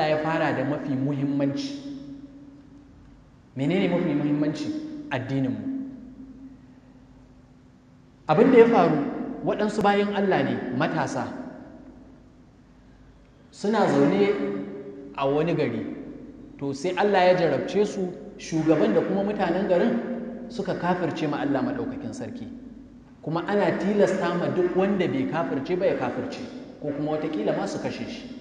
Allah ya fara da mafi muhimmanci menene mafi muhimmanci addininmu abin da ya faru waɗansu bayan Allah ne matasa suna zaune a wani gari to sai Allah ya jarabce su shugaban da kuma mutanen garin suka kafirce ma Allah maɗaukakin sarki kuma ana tilasta ma duk wanda bai kafirce ba ya kafirce ko kuma watakila ma su kashe shi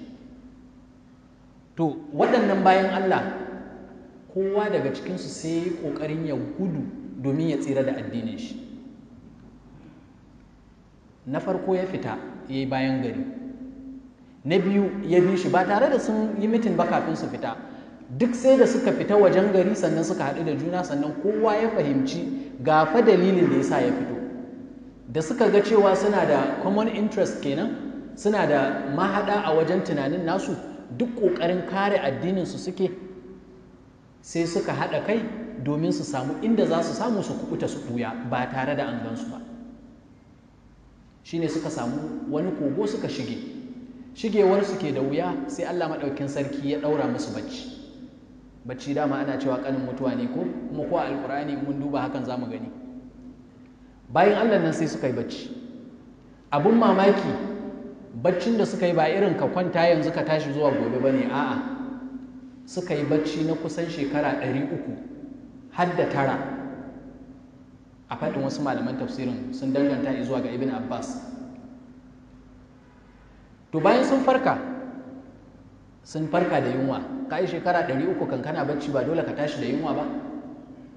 to waɗannan bayan Allah kowa daga cikinsu sai ƙoƙarin ya gudu domin ya tsira da addinin shi na farko ya fita ya yi bayan gari na biyu ya bi shi ba tare da sun yi mitin ba kafin su fita duk sai da suka fita wajen gari sannan suka haɗu da juna sannan kowa ya fahimci gafa dalilin da ya sa ya fito da suka ga cewa suna da common interest kenan suna da mahaɗa a wajen tunanin nasu duk ƙoƙarin kare addininsu suke sai suka haɗa kai domin su samu inda za su samu su kubuta su ɓuya ba tare da an gansu ba Shi ne suka samu wani kogo suka shige shigewar su ke da wuya sai Allah maɗaukin sarki ya ɗaura musu bacci bacci dama ana cewa ƙanin mutuwa ne ko kuma ko alƙur'ani mun duba hakan za mu gani bayan Allah nan sai suka yi bacci Abin mamaki baccin da suka yi ba irin ka kwanta yanzu ka tashi zuwa gobe ba ne a'a suka yi bacci na kusan shekara ɗari uku har da tara a faɗin wasu malaman tafsirin sun danganta zuwa ga ibn abbas to bayan sun farka sun farka da yunwa ka yi shekara ɗari uku kankana bacci ba dole ka tashi da yunwa ba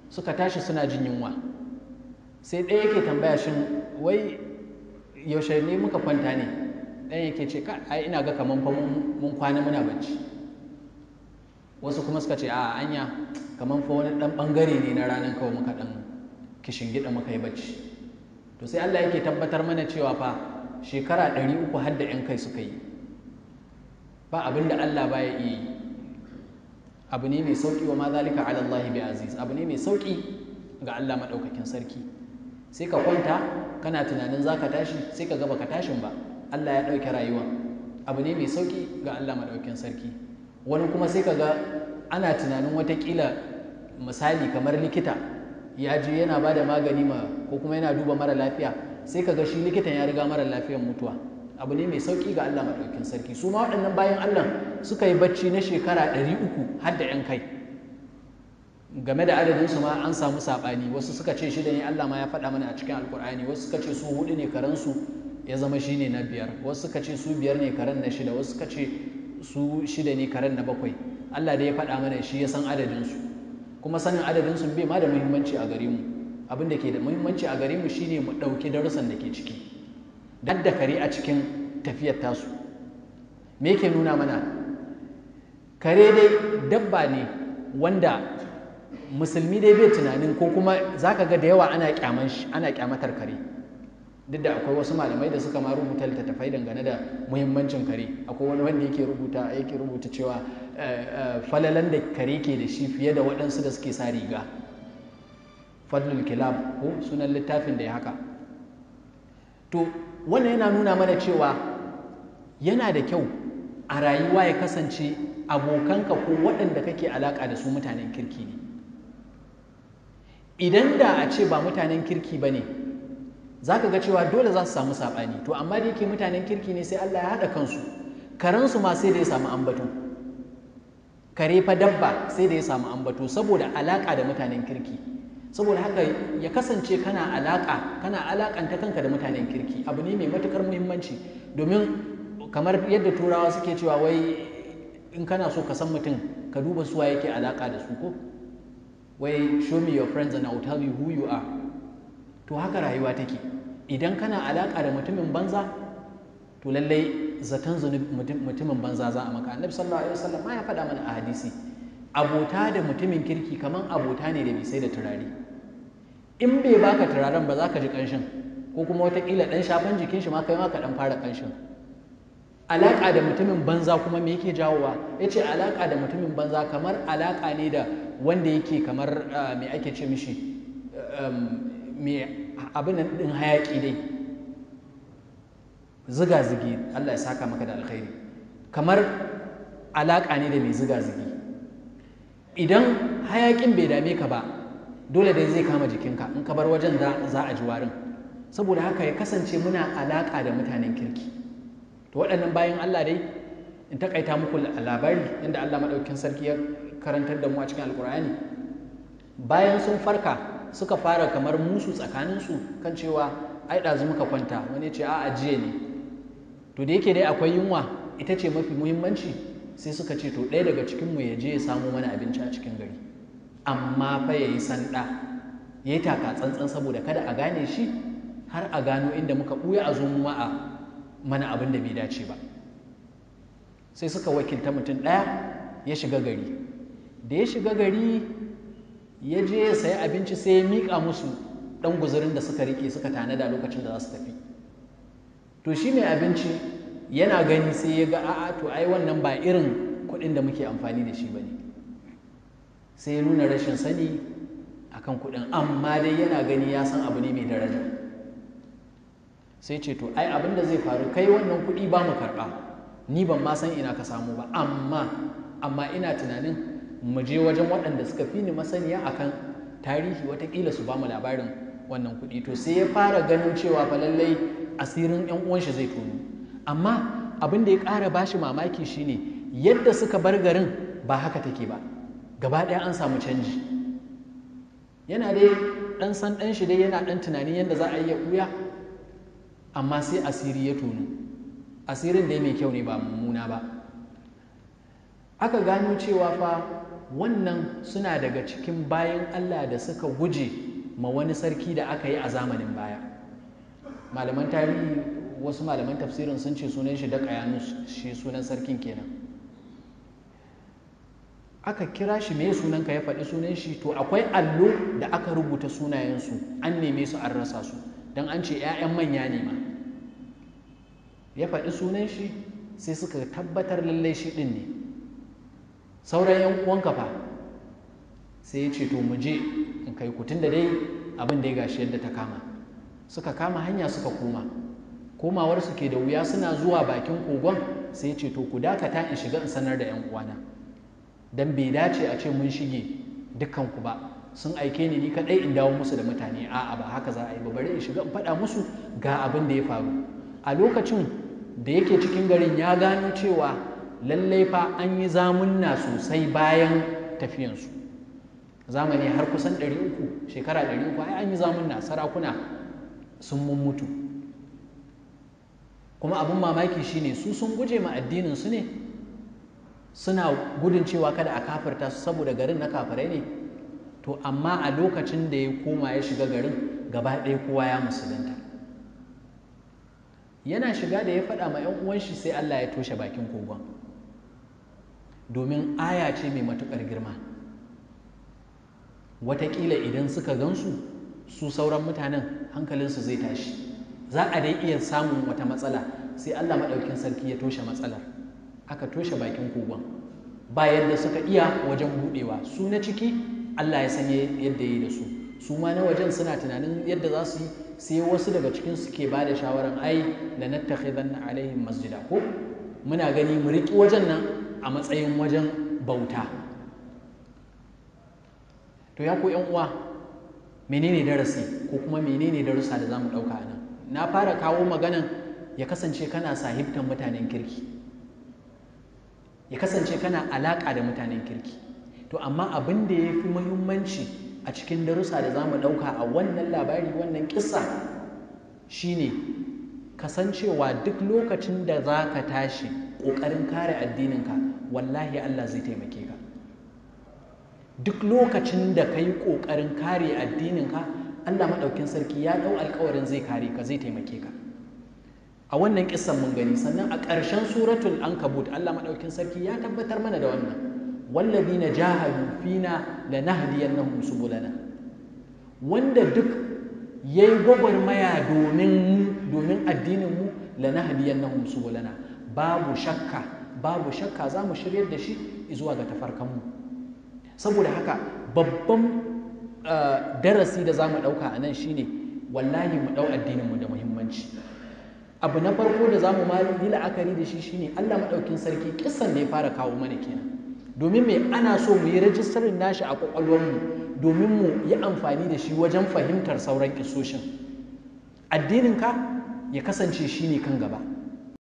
suka tashi suna jin yunwa sai ɗaya yake tambaya shin wai yaushe ne muka kwanta ne ɗan yake ce ka ai ina ga kamar fa mun kwana muna bacci wasu kuma suka ce a anya kamar fa wani ɗan ɓangare ne na ranar kawai muka ɗan kishin gida muka yi bacci to sai Allah yake tabbatar mana cewa fa shekara ɗari uku har da 'yan kai suka yi ba abin da Allah ba ya iya yi abu ne mai sauƙi wa ma zalika ala bi aziz abu ne mai sauƙi ga Allah maɗaukakin sarki sai ka kwanta kana tunanin za ka tashi sai ka gaba ka tashin ba Allah ya ɗauke rayuwa abu ne mai sauƙi ga Allah maɗaukin sarki wani kuma sai ka ga ana tunanin watakila misali kamar likita ya je yana ba da magani ma ko kuma yana duba mara lafiya sai ka ga shi likitan ya riga mara lafiyan mutuwa abu ne mai sauƙi ga Allah maɗaukin sarki su ma waɗannan bayan Allah suka yi bacci na shekara ɗari uku har da 'yan kai game da adadin su ma an samu saɓani wasu suka ce shida ne Allah ma ya faɗa mana a cikin alkur'ani wasu suka ce su hudu ne karansu ya zama shi ne na biyar wasu suka ce su biyar ne karen na shida wasu suka ce su shida ne karen na bakwai Allah da ya faɗa mana shi ya san adadinsu kuma sanin adadinsu bai ma da muhimmanci a gare mu abin da ke da muhimmanci a gare mu shi ne mu ɗauki darussan da ke ciki da kare a cikin tafiyar tasu me yake nuna mana kare dai dabba ne wanda musulmi dai bai tunanin ko kuma zaka ga da yawa ana kyaman ana kyamatar kare duk da akwai wasu malamai da suka ma rubuta littattafai dangane da muhimmancin kare akwai wani wanda yake rubuta yake rubuta cewa eh, eh, falalan da kare ke da shi fiye da waɗansu da suke sa riga fadlul kilab ko sunan littafin da ya haka to wannan yana nuna mana cewa yana da kyau a rayuwa ya kasance abokanka ko waɗanda kake alaƙa da su mutanen kirki ne idan da a ce ba mutanen kirki ba ne za ka ga cewa dole za su samu saɓani to amma da yake mutanen kirki ne sai Allah ya haɗa kansu karensu ma sai da ya samu ambato kare fa dabba sai da ya samu ambato saboda alaƙa da mutanen kirki saboda haka ya kasance kana alaƙa kana alaƙanta kanka da mutanen kirki abu ne mai matuƙar muhimmanci domin kamar yadda turawa suke cewa wai in kana so ka san mutum ka duba suwa yake alaƙa da su ko wai show me your friends and I will tell you who you are to haka rayuwa take idan kana alaka da mutumin banza to lallai zaton mutumin banza za a maka annabi sallallahu alaihi wasallam ya faɗa mana a hadisi abota da mutumin kirki kaman abota ne da bai sai da turare in bai baka turaren ba za ka ji ƙanshin ko kuma wataƙila ɗan shafan jikin shi ma kai ma ka ɗan fara ƙanshin alaƙa da mutumin banza kuma me yake jawowa ya ce alaƙa da mutumin banza kamar alaƙa ne da wanda yake kamar ah, me ake ce mishi um, abin nan ɗin hayaƙi dai ziga-zigi Allah ya saka maka da alkhairi kamar alaƙa ne da mai ziga-zigi idan hayaƙin bai dame ka ba dole dai zai kama jikinka in ka bar wajen za a ji warin saboda haka ya kasance muna alaƙa da mutanen kirki to waɗannan bayan Allah dai in taƙaita muku labari inda Allah maɗaukin sarki ya karantar da mu a cikin alkur'ani bayan sun farka suka fara kamar musu tsakaninsu kan cewa ai ɗazu muka kwanta wani ce a ajiye ne to da yake dai akwai yunwa ita ce mafi muhimmanci sai suka ce to ɗaya daga cikinmu ya je ya samo mana abinci a cikin gari amma fa ya yi sanda ya yi taka tsantsan saboda kada a gane shi har a gano inda muka ɓuya a zo mu a mana abin da bai dace ba sai suka wakilta mutum ɗaya ya shiga gari da ya shiga gari ya je ya sayi abinci sai ya miƙa musu ɗan guzurin da suka riƙe suka tanada lokacin da za su tafi to shi mai abinci yana gani sai ya ga a'a to ai wannan ba irin kuɗin da muke amfani da shi ba ne sai ya nuna rashin sani a kan kuɗin amma dai yana gani ya san abu ne mai daraja sai ce to ai abin da zai faru kai wannan kuɗi ba mu karɓa ni ban ma san ina ka samu ba amma amma ina tunanin mu je wajen waɗanda suka fi ni masaniya a kan tarihi watakila su ba mu labarin wannan kuɗi to sai ya fara ganin cewa fa lallai asirin yan uwan shi zai tono amma abin da ya ƙara bashi mamaki shine yadda suka bar garin ba haka take ba gaba ɗaya an samu canji yana dai ɗan san ɗan shi dai yana ɗan tunanin yadda za a iya ɓuya amma sai asiri ya tono asirin dai mai kyau ne ba mummuna ba aka gano cewa fa wannan suna daga cikin bayan Allah da suka guje ma wani sarki da aka yi a zamanin baya malaman tarihi wasu malaman tafsirin sun ce sunan shi da kayanu shi sunan sarkin kenan aka kira shi me sunan ka ya faɗi sunan shi to akwai allo da aka rubuta sunayensu an neme su an rasa su don an ce 'ya'yan manya ne ma ya faɗi sunan shi sai suka tabbatar lallai shi ɗin ne sauran yan uwanka kafa sai ya ce to mu je in kai ku da dai abin da ya gashi yadda ta kama suka kama hanya suka koma komawar su ke da wuya suna zuwa bakin kogon sai ya ce to ku dakata in shiga in sanar da yan uwana dan bai dace a ce mun shige dukkan ku ba sun aike ni ni kadai in dawo musu da mutane a'a ba haka za a yi ba bari in shiga in faɗa musu ga abin da ya faru a lokacin da yake cikin garin ya gano cewa lallai fa an yi zamunna sosai bayan tafiyansu zamani har kusan 300 shekara 300 ai an yi zamunna sarakuna sun mummutu kuma abin mamaki shine su sun guje ma addinin su ne suna gudun cewa kada a kafirta su saboda garin na kafirai ne to amma a lokacin da ya koma ya shiga garin gaba ɗaya kowa ya musulunta yana shiga da ya faɗa ma 'yan uwan shi sai Allah ya toshe bakin kogon domin aya ce mai matuƙar girma wataƙila idan suka gansu su sauran mutanen hankalinsu zai tashi za a dai iya samun wata matsala sai allah maɗaukin sarki ya toshe matsalar aka toshe bakin kogon ba yadda suka iya wajen buɗewa su na ciki allah ya sanya yadda ya yi da su su ma na wajen suna tunanin yadda za su yi sai wasu daga cikin su ke ba da shawarar ai zanna alaihim masjida ko muna gani mu riƙi wajen nan a matsayin wajen bauta to ya ku yan uwa menene darasi ko kuma menene darussa da za zamu ɗauka nan na fara kawo maganan ya kasance kana sahibtan mutanen kirki ya kasance kana alaƙa da mutanen kirki to amma abin da ya fi muhimmanci a cikin darussa da za mu ɗauka a wannan labari wannan shi shine kasancewa duk lokacin da za ka tashi ƙoƙarin kare addininka wallahi Allah zai taimake ka duk lokacin da ka yi ƙoƙarin kare addininka Allah maɗaukin sarki ya ɗau alkawarin zai kare ka zai taimake ka a wannan kisan mun gani sannan a ƙarshen suratul ankabut Allah maɗaukin sarki ya tabbatar mana da wannan wallabi na jahadu fina da la nahdiyannahum subulana wanda duk ya yayi gwagwarmaya domin mu domin addinin mu la subulana babu shakka babu shakka za mu shirya da shi zuwa ga tafarkanmu saboda haka babban eh, darasi da za mu ɗauka a nan shine wallahi mu ɗau addininmu da muhimmanci abu na farko da za mu yi la'akari da shi shine allah maɗaukin sarki kisan da ya fara kawo mana kenan domin me ana so mu yi rajistarin nashi a mu domin mu yi amfani da shi wajen fahimtar sauran kisoshin ka ya kasance shine kan gaba